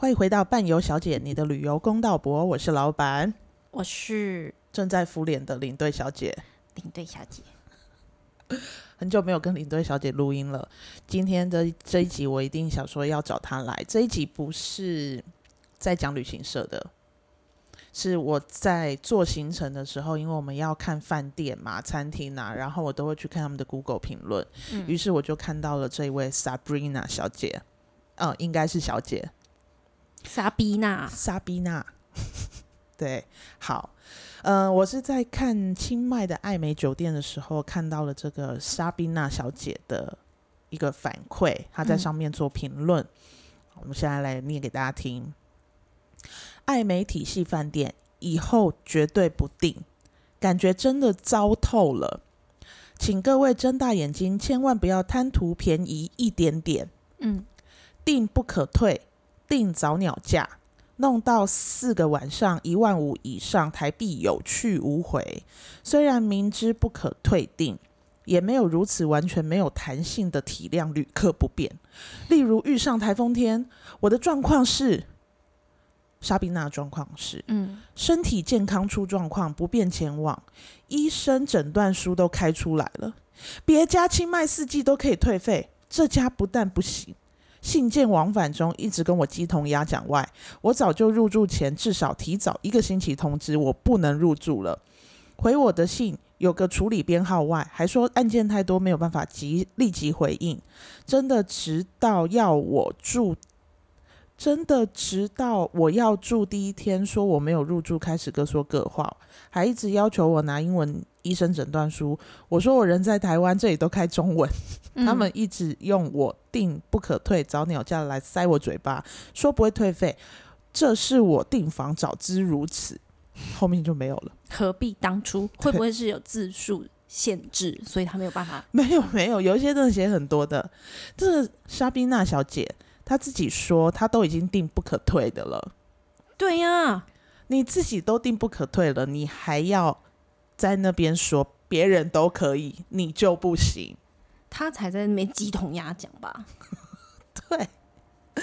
歡迎回到伴遊小姐，你的旅遊公道伯。我是老板，我是正在敷臉的領隊小姐。領隊小姐，很久沒有跟領隊小姐錄音了。今天的這一集，我一定想說要找她來。這一集不是在講旅行社的，是我在做行程的時候，因為我們要看飯店嘛、餐廳啊，然後我都會去看他們的 Google 評論。嗯，於是我就看到了這位 Sabrina 小姐，嗯，呃，應該是小姐。莎賓納，莎賓納，對，好，呃，我是在看清邁的艾美酒店的時候看到了這個莎賓納小姐的一個反饋，她在上面做評論，嗯、我們現在來念給大家聽。艾美體系飯店以後絕對不訂，感覺真的糟透了，請各位睜大眼睛，千萬不要貪圖便宜一點點，嗯，訂不可退。定早鳥價，弄到四個晚上一萬五以上台幣有去無回。雖然明知不可退訂，也沒有如此完全沒有彈性的體諒，旅客不便。例如遇上台風天，我的狀況是，莎賓納狀況是，嗯，身體健康出狀況，不便前往，醫生診斷書都開出來了。別家清邁四季都可以退費，這家不但不行。信件往返中一直跟我雞同鴨講外，外我早就入住前至少提早一個星期通知我不能入住了。回我的信有個處理編號外，還說案件太多沒有辦法及立即回應。真的直到要我住，真的直到我要住第一天說我沒有入住，開始各說各話，還一直要求我拿英文。醫生診斷書，我說我人在台灣，這裡都開中文。嗯、他們一直用“我定不可退，找鳥家來塞我嘴巴，說不會退費。這是我訂房早知如此，後面就沒有了。何必當初？會不會是有字數限制，所以他沒有辦法？沒有沒有，有一些字寫很多的。這莎賓納小姐她自己說，她都已經定不可退的了。對呀、啊，你自己都定不可退了，你還要？在那邊說，別人都可以，你就不行。他才在那邊雞同鴨講吧？ 對，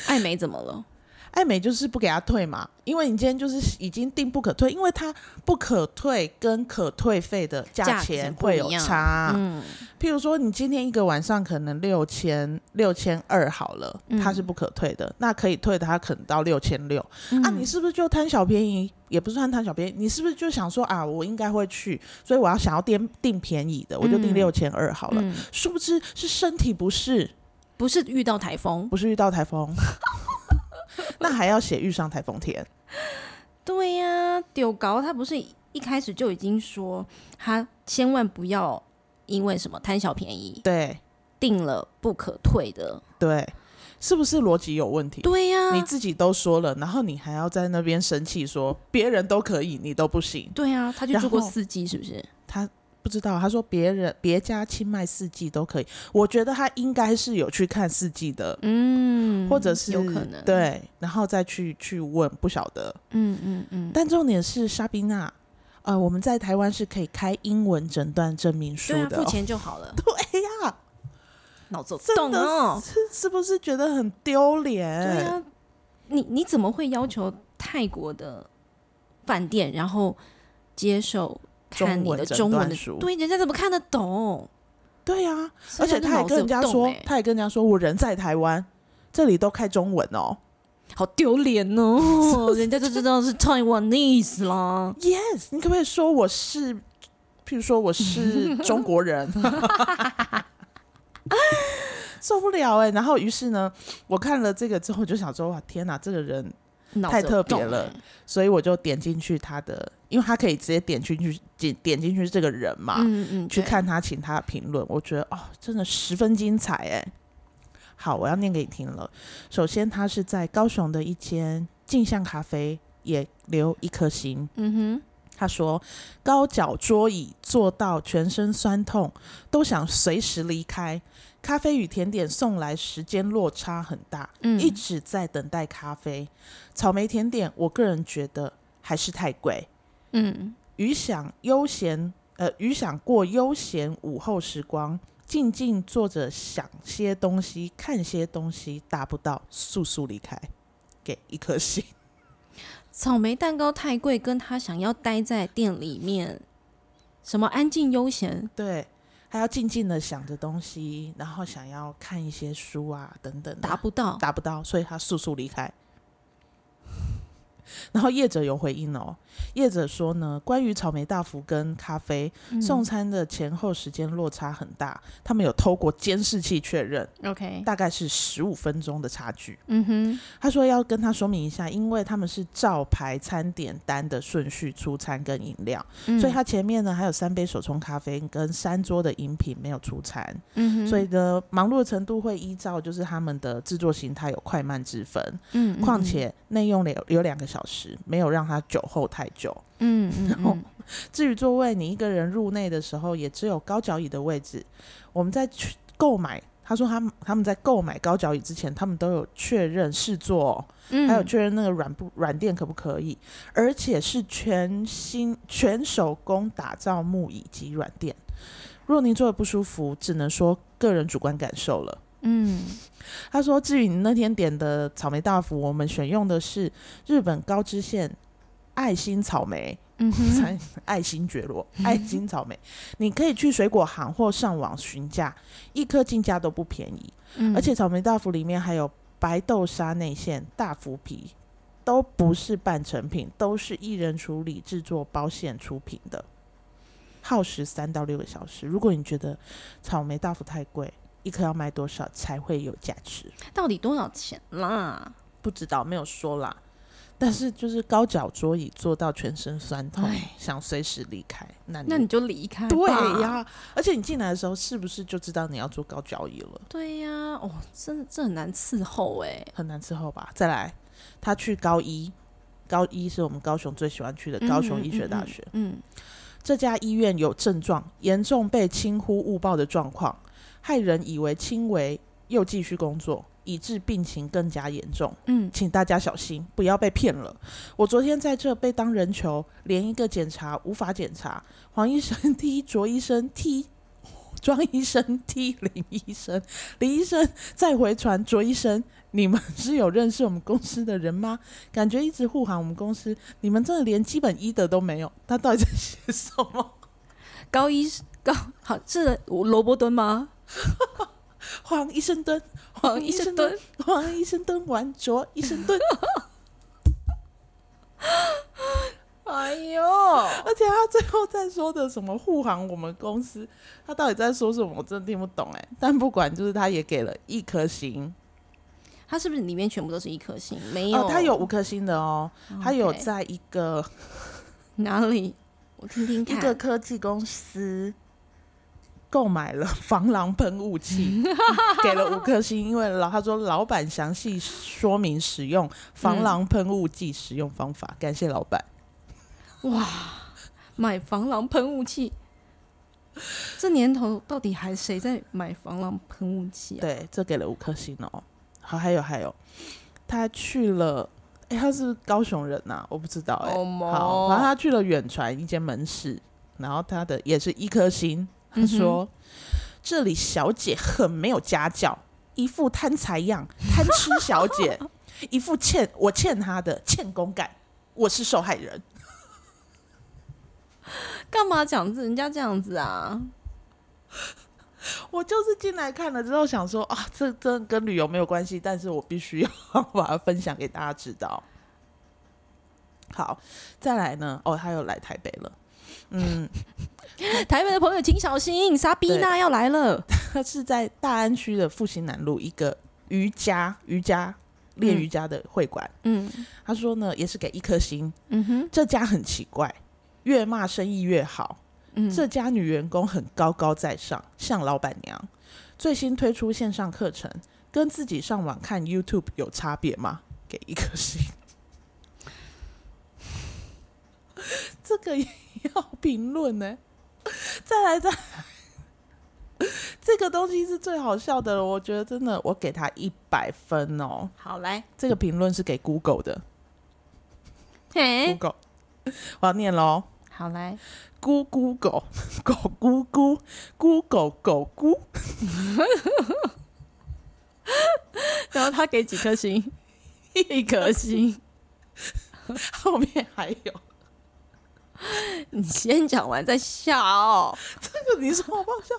愛美怎麼了？愛美就是不給他退嘛，因為你今天就是已經定不可退，因為他不可退跟可退費的價錢會有差，嗯。譬如說你今天一個晚上可能六千六千二好了，嗯，他是不可退的，那可以退的他可能到六千六。嗯、啊，你是不是就貪小便宜？也不算貪小便宜，你是不是就想說啊，我應該會去，所以我要想要訂訂便宜的，我就訂六千二好了。殊、嗯嗯、不知是，是身體不適，不是遇到颱風，不是遇到颱風。 那還要寫遇上台風天？ 對呀、啊，丟高他不是一開始就已經說他千萬不要因為什麼貪小便宜？對，定了不可退的。對，是不是邏輯有問題？對呀、啊，你自己都說了，然後你還要在那邊生氣說別人都可以，你都不行？對啊，他就做過司機，是不是？不知道，他說別人別家清邁四季都可以，我覺得他應該是有去看四季的，嗯，或者是有可能對，然後再去去問不曉得，嗯嗯嗯。但重點是莎賓納，呃，我們在台灣是可以開英文診斷證明書的、哦對啊，付錢就好了。 對呀、啊，腦子動哦，是不是覺得很丟臉？對、啊、你你怎麼會要求泰國的飯店然後接受？看你的中文書，對人家怎麼看得懂？對呀、啊，而且他也跟人家說，他也跟人家說，欸、人家說我人在台灣，這裡都開中文哦，好丟臉哦， 人家就知道是 Taiwanese 啦。 Yes，你可不可以說我是，譬如說我是中國人， 受不了哎、欸。然後於是呢，我看了這個之後，就想說哇，天哪，這個人。太特別了，所以我就點進去他的，因為他可以直接點進去，點進去這個人嘛，去看他，請他的評論，我覺得哦，真的十分精彩哎、欸。好，我要念給你聽了。首先，他是在高雄的一間鏡像咖啡，也留一顆星。嗯哼。他說：“高腳桌椅坐到全身痠痛，都想隨時離開。咖啡與甜點送來時間落差很大，嗯，一直在等待咖啡。草莓甜點，我個人覺得還是太貴，嗯。余想悠閒，呃，余想過悠閒午後時光，靜靜坐着想些東西，看些東西，達不到，速速離開，給一顆星。”草莓蛋糕太貴，跟他想要待在店裡面，什麼安靜悠閒，對，他要靜靜的想着東西，然後想要看一些書啊等等啊，達不到，達不到，所以他速速離開。然後業者有回應喔。業者說呢，關於草莓大福跟咖啡，嗯、送餐的前後時間落差很大，他們有透過監視器確認，OK，大概是十五分鐘的差距。嗯哼，他說要跟他說明一下，因為他們是照排餐點單的順序出餐跟飲料，嗯，所以他前面呢還有三杯手沖咖啡跟三桌的飲品沒有出餐。嗯哼，所以呢，忙碌的程度會依照就是他們的製作形態有快慢之分。嗯，嗯，況且內用了有兩個小時，沒有讓他酒後太。嗯，嗯 至於座位，你一個人入內的時候也只有高腳椅的位置。我們在購買，他說他他們在購買高腳椅之前，他們都有確認試坐，還有確認那個軟布軟墊可不可以，而且是全新全手工打造木椅及軟墊。若您坐的不舒服，只能說個人主觀感受了。嗯，他說，至於你那天點的草莓大福，我們選用的是日本高知縣。愛心草莓，嗯、愛心覺羅、嗯，愛心草莓、嗯，你可以去水果行或上網詢價，一顆進價都不便宜、嗯。而且草莓大福裡面還有白豆沙內餡、大福皮，都不是半成品，都是一人處理制作、包餡出品的，耗時三到六個小時。如果你覺得草莓大福太貴，一顆要賣多少才會有價值？到底多少錢啦？不知道，沒有說啦。但是就是高腳桌椅坐到全身痠痛，想隨時離開。那你那你就離開。對呀、啊，而且你進來的時候是不是就知道你要坐高腳椅了？對呀、啊，哦，真的，這很難伺候哎，很難伺候吧？再來，他去高醫，高醫是我們高雄最喜歡去的高雄醫學大學。嗯，嗯嗯嗯，這家醫院有症狀嚴重被輕忽誤報的狀況，害人以為輕微，又繼續工作，以致病情更加嚴重。嗯，請大家小心，不要被騙了。我昨天在這被當人球，連一個檢查無法檢查。黃醫生踢卓醫生踢，莊醫生踢林醫生，林醫生，林醫生再回傳卓醫生。你們是有認識我們公司的人嗎？感覺一直護航我們公司，你們真的連基本醫德都沒有。他到底在寫什麼？高醫高好是蘿蔔蹲嗎？ 黃醫生蹲，黃醫生蹲，黃醫生蹲完卓醫生蹲。 哎呦！而且他最後在說的什麼護航我們公司，他到底在說什麼？我真的聽不懂哎。但不管，就是他也給了一顆星。他是不是裡面全部都是一顆星？沒有，呃、他有五顆星的哦、喔 okay。他有在一個哪裡？我聽聽看， 一個科技公司。購買了防狼噴霧器， 給了五顆星，因為老他說老闆詳細說明使用防狼噴霧劑使用方法，嗯、感謝老闆。哇，買防狼噴霧器， 這年頭到底還誰在買防狼噴霧器、啊？對，這給了五顆星哦、喔。好，還有還有，他去了，欸、他是，是高雄人吶、啊，我不知道哎、欸。好，然後他去了遠傳一間門市，然後他的也是一顆星。他說、嗯：“這裡小姐很沒有家教，一副貪財樣，貪吃小姐， 一副欠我欠她的欠公幹，我是受害人。幹 嘛講人家這樣子啊？我就是進來看了之後想說啊，這真跟旅遊沒有關係，但是我必須要把它分享給大家知道。好，再來呢，哦，他又來台北了。”嗯，台灣的朋友請小心，莎賓納要來了。他是在大安區的復興南路一個瑜伽瑜伽練瑜伽的會館。嗯，他說呢，也是給一顆星，嗯。這家很奇怪，越罵生意越好，嗯。這家女員工很高高在上，像老闆娘。最新推出線上課程，跟自己上網看 YouTube 有差別嗎？給一顆星。嗯、 這個。要評論呢， 再來再來， 這個東西是最好笑的了。我覺得真的，我給他一百分哦、喔。好來，這個評論是給 Google 的。嘿，Google 我要念嘍。好來，估估狗、狗姑姑、估狗狗姑， 然後他給幾顆星？ 一顆顆星， 後面還有。你先講完再笑、哦，這個你說好不好笑？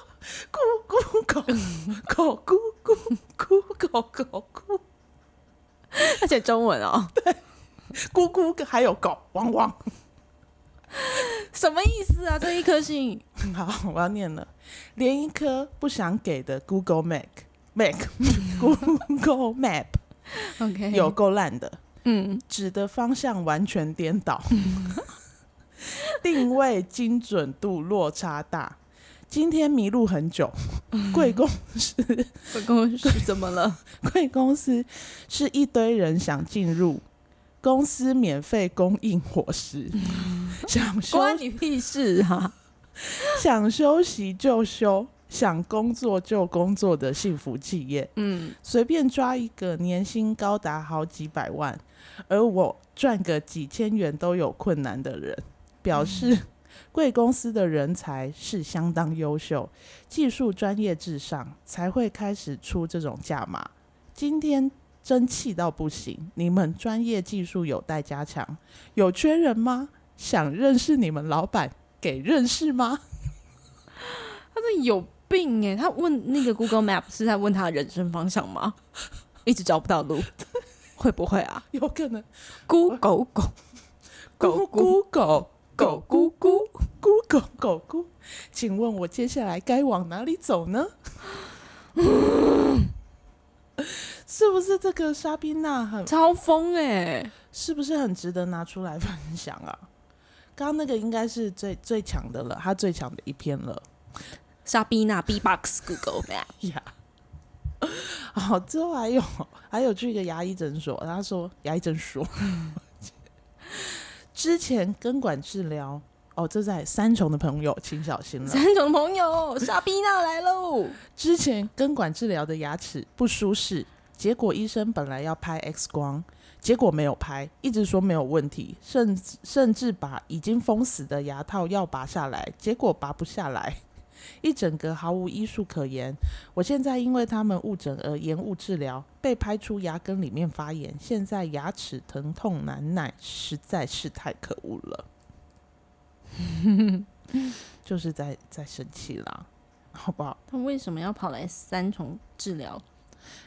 咕咕狗，嗯、狗咕咕，咕狗狗咕，他寫中文哦。對，咕咕還有狗汪汪，什麼意思啊？這一顆星，好，我要念了，連一顆不想給的 Google Map，Map Google Map、OK、有夠爛的，嗯，指的方向完全顛倒。嗯定位精準度落差大，今天迷路很久。嗯，貴公司，貴公司怎麼了？貴公司是一堆人想進入公司免費供應夥食，嗯，想休，關你屁事啊，想休息就休，想工作就工作的幸福企業。嗯，隨便抓一個年薪高達好幾百萬，而我賺個幾千元都有困難的人。表示貴公司的人才是相當優秀，技術專業至上，才會開始出這種價碼。今天真氣到不行，你們專業技術有待加強，有缺人嗎？想認識你們老闆，給認識嗎？他這有病哎、欸！他問那個 Google Map 是在問他人生方向嗎？一直找不到路， 會不會啊？有可能 Google Google Google。狗咕咕咕狗狗咕,咕,咕,咕,咕，請問我接下來該往哪裡走呢？嗯、是不是這個莎賓納很超瘋哎、欸？是不是很值得拿出來分享啊？剛剛那個應該是最最強的了，他最強的一篇了。莎賓納 B box Google 呀 Yeah。好、 喔，之後還有還有去一個醫診牙醫診所，他說牙醫診所。之前根管治療哦，這在三重的朋友請小心了。三重朋友，莎賓納來嘍！之前根管治療的牙齒不舒適，結果醫生本來要拍 X 光，結果沒有拍，一直說沒有問題，甚甚至把已經封死的牙套要拔下來，結果拔不下來。一整個毫無醫術可言，我現在因為他們誤診而延誤治療，被拍出牙根裡面發炎，現在牙齒疼痛難耐，實在是太可惡了。 就是在在生氣啦，好不好？他為什麼要跑來三重治療？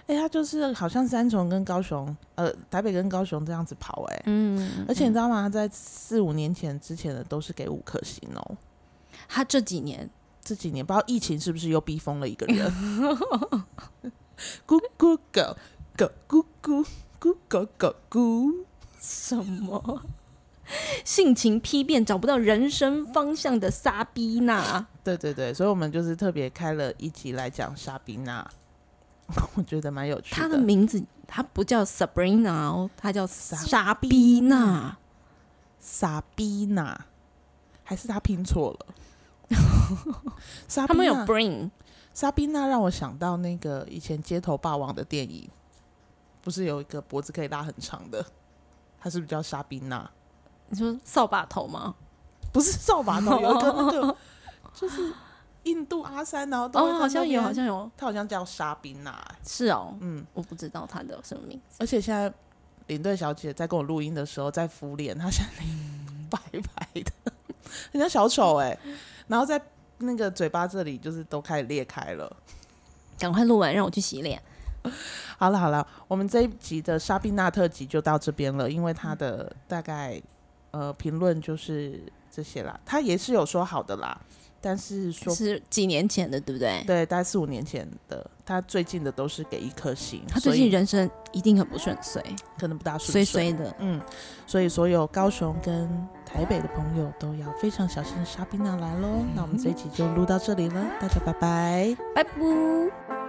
哎、欸，他就是好像三重跟高雄，呃，台北跟高雄這樣子跑哎、欸嗯。而且你知道嗎、嗯？他在四五年前之前的都是給五顆星哦，他這幾年。這幾年不知道疫情是不是又逼瘋了一個人？ 咕咕狗狗咕咕咕咕狗咕，咕，咕，什麼性情丕變、找不到人生方向的莎賓納？對對對，所以我們就是特別開了一集來講莎賓納，我覺得蠻有趣的。他的名字他不叫 Sabrina 哦，他叫莎賓納，莎賓納還是他拼錯了？ 莎他們有 bring 莎賓納，讓我想到那個以前街頭霸王的電影，不是有一個脖子可以拉很長的，他是不是叫莎賓納？你說掃把頭嗎？不是掃把頭，有一個那個， 就是印度阿三，然後都哦，好像有，好像有，他好像叫莎賓納、欸，是哦，嗯，我不知道他的什麼名字。而且現在領隊小姐在跟我錄音的時候在敷臉，她現在、嗯、白白的。很像小丑哎，欸， 然後在那個嘴巴這裡就是都開始裂開了，趕快錄完讓我去洗臉。好了好了，我們這一集的莎賓納特輯就到這邊了，因為他的大概呃評論就是這些啦，他也是有說好的啦。但是說是幾年前的，對不對？對，大概四五年前的。他最近的都是給一顆星。他最近人生一定很不順遂，可能不大順遂衰衰的。嗯，所以所有高雄跟台北的朋友都要非常小心的莎賓納來嘍。嗯。那我們這一集就錄到這裡了，大家拜拜，拜拜。